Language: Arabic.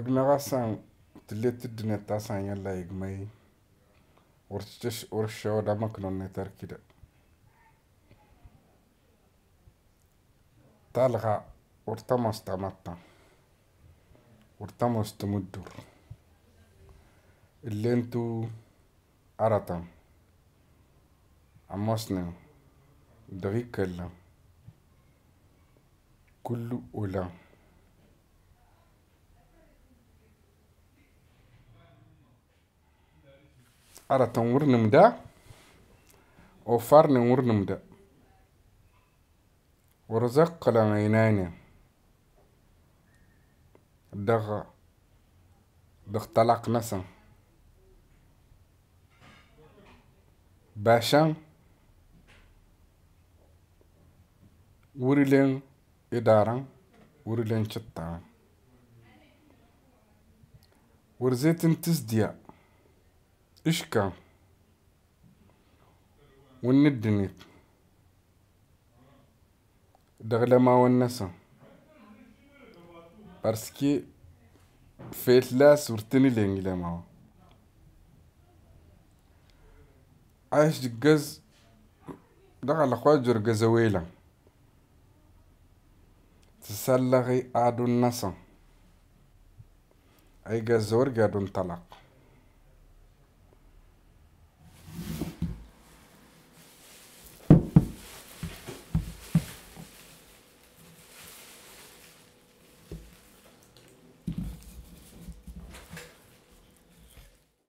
kod nagasan tillet tidine tasan yalla igmai urtish urshaw da maknonne tarkida talga urtamos tamatta urtamos tumudur illentu aratam amosne dagikalla كل أولى aratan wurnumda ofarnin wurnumda warzak qalangaynayne daga dagtalak nasan bashan wurilen idaran wurilen cittan wurzetin tisdiya إشكا دغلا ما ونسا بارسكي فيت لا سورتني ما عايش جز دغل خواجر جزويلا تسلغي عدو النسا أي جزور قادو انطلق